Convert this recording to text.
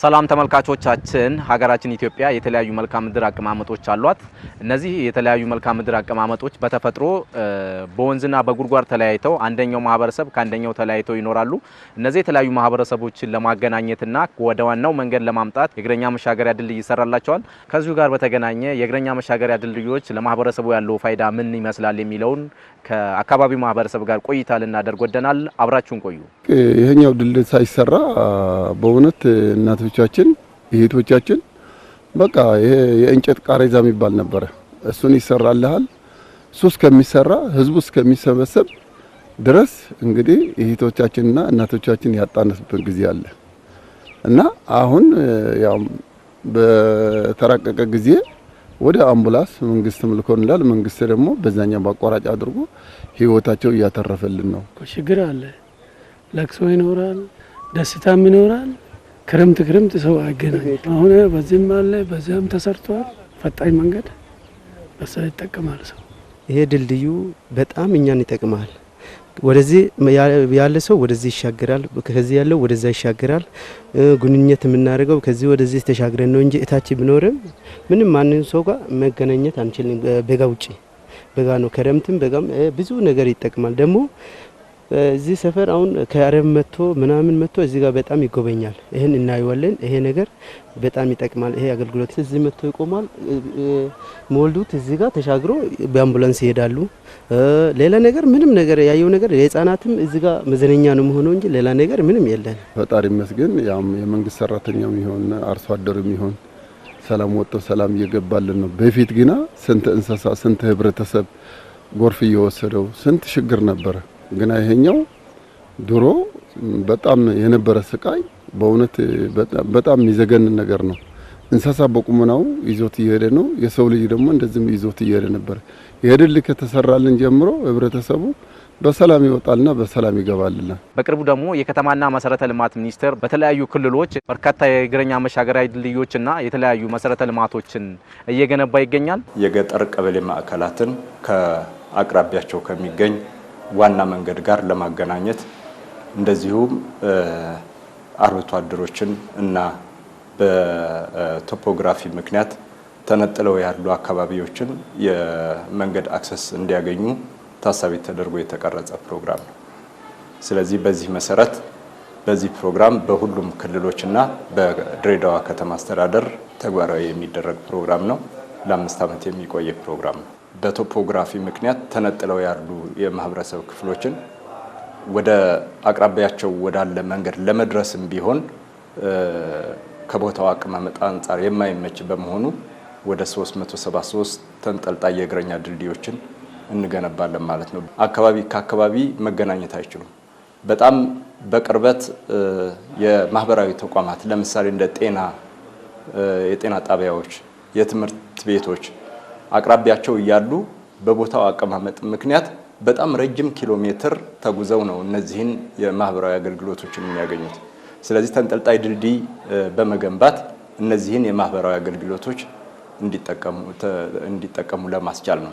ሰላም ተመልካቾቻችን፣ ሀገራችን ኢትዮጵያ የተለያዩ መልክዓ ምድር አቀማመጦች አሏት። እነዚህ የተለያዩ መልክዓ ምድር አቀማመጦች በተፈጥሮ በወንዝና በጉድጓድ ተለያይተው አንደኛው ማህበረሰብ ከአንደኛው ተለያይተው ይኖራሉ። እነዚህ የተለያዩ ማህበረሰቦችን ለማገናኘትና ወደ ዋናው መንገድ ለማምጣት የእግረኛ መሻገሪያ ድልድይ ይሰራላቸዋል። ከዚሁ ጋር በተገናኘ የእግረኛ መሻገሪያ ድልድዮች ለማህበረሰቡ ያለው ፋይዳ ምን ይመስላል የሚለውን ከአካባቢው ማህበረሰብ ጋር ቆይታ ልናደርግ ወደናል። አብራችሁን ቆዩ። ይህኛው ድልድይ ሳይሰራ በእውነት እናት አባቶቻችን እህቶቻችን በቃ ይሄ የእንጨት ቃሬዛ የሚባል ነበረ። እሱን ይሰራልሃል። እሱ እስከሚሰራ ህዝቡ እስከሚሰበሰብ ድረስ እንግዲህ እህቶቻችንና እናቶቻችን ያጣነስብን ጊዜ አለ እና አሁን ያው በተራቀቀ ጊዜ ወደ አምቡላንስ መንግስትም ልኮንላል። መንግስት ደግሞ በዛኛው በአቋራጭ አድርጎ ህይወታቸው እያተረፈልን ነው። ችግር አለ፣ ለቅሶ ይኖራል፣ ደስታም ይኖራል። ክረምት ክረምት ሰው አይገናኝ። አሁን በዚህም አለ በዚያም ተሰርቷል። ፈጣኝ መንገድ በሳ ይጠቀማል ሰው። ይሄ ድልድዩ በጣም እኛን ይጠቅማል። ወደዚህ ያለ ሰው ወደዚህ ይሻገራል፣ ከዚህ ያለው ወደዛ ይሻገራል። ግንኙነት የምናደርገው ከዚህ ወደዚህ ተሻግረን ነው እንጂ እታች ብኖርም ምንም ማንም ሰው ጋር መገናኘት አንችልም። በጋ ውጭ በጋ ነው፣ ከረምትም በጋም ብዙ ነገር ይጠቅማል ደግሞ እዚህ ሰፈር አሁን ከአረብ መጥቶ ምናምን መጥቶ እዚህ ጋር በጣም ይጎበኛል። ይህን እናየዋለን። ይሄ ነገር በጣም ይጠቅማል። ይሄ አገልግሎት እዚህ መጥቶ ይቆማል። ሞልዱት እዚህ ጋር ተሻግሮ በአምቡላንስ ይሄዳሉ። ሌላ ነገር ምንም ነገር ያየው ነገር የህፃናትም እዚህ ጋር መዝናኛ ነው መሆነው እንጂ ሌላ ነገር ምንም የለን። ፈጣሪ ይመስገን። ያም የመንግስት ሰራተኛም ይሆን አርሶ አደርም ይሆን ሰላም ወጥቶ ሰላም እየገባልን ነው። በፊት ግና ስንት እንስሳ ስንት ህብረተሰብ ጎርፍ እየወሰደው ስንት ችግር ነበረ። ግና ይሄኛው ድሮ በጣም የነበረ ስቃይ በእውነት በጣም የሚዘገንን ነገር ነው። እንስሳ በቁመናው ይዞት እየሄደ ነው። የሰው ልጅ ደግሞ እንደዚህም ይዞት እየሄደ ነበር። የድል ከተሰራልን ጀምሮ ህብረተሰቡ በሰላም ይወጣልና በሰላም ይገባልና። በቅርቡ ደግሞ የከተማና መሰረተ ልማት ሚኒስቴር በተለያዩ ክልሎች በርካታ የእግረኛ መሻገሪያ ድልድዮችና የተለያዩ መሰረተ ልማቶችን እየገነባ ይገኛል። የገጠር ቀበሌ ማዕከላትን ከአቅራቢያቸው ከሚገኝ ዋና መንገድ ጋር ለማገናኘት እንደዚሁም አርብቶ አደሮችን እና በቶፖግራፊ ምክንያት ተነጥለው ያሉ አካባቢዎችን የመንገድ አክሰስ እንዲያገኙ ታሳቢ ተደርጎ የተቀረጸ ፕሮግራም ነው። ስለዚህ በዚህ መሰረት በዚህ ፕሮግራም በሁሉም ክልሎች ና በድሬዳዋ ከተማ አስተዳደር ተግባራዊ የሚደረግ ፕሮግራም ነው። ለአምስት ዓመት የሚቆየ ፕሮግራም ነው። በቶፖግራፊ ምክንያት ተነጥለው ያሉ የማህበረሰብ ክፍሎችን ወደ አቅራቢያቸው ወዳለ መንገድ ለመድረስም ቢሆን ከቦታው አቀማመጥ አንጻር የማይመች በመሆኑ ወደ 373 ተንጠልጣይ የእግረኛ ድልድዮችን እንገነባለን ማለት ነው። አካባቢ ከአካባቢ መገናኘት አይችሉም። በጣም በቅርበት የማህበራዊ ተቋማት ለምሳሌ እንደ ጤና፣ የጤና ጣቢያዎች፣ የትምህርት ቤቶች አቅራቢያቸው እያሉ በቦታው አቀማመጥ ምክንያት በጣም ረጅም ኪሎ ሜትር ተጉዘው ነው እነዚህን የማህበራዊ አገልግሎቶችን የሚያገኙት። ስለዚህ ተንጠልጣይ ድልድይ በመገንባት እነዚህን የማህበራዊ አገልግሎቶች እንዲጠቀሙ ለማስቻል ነው።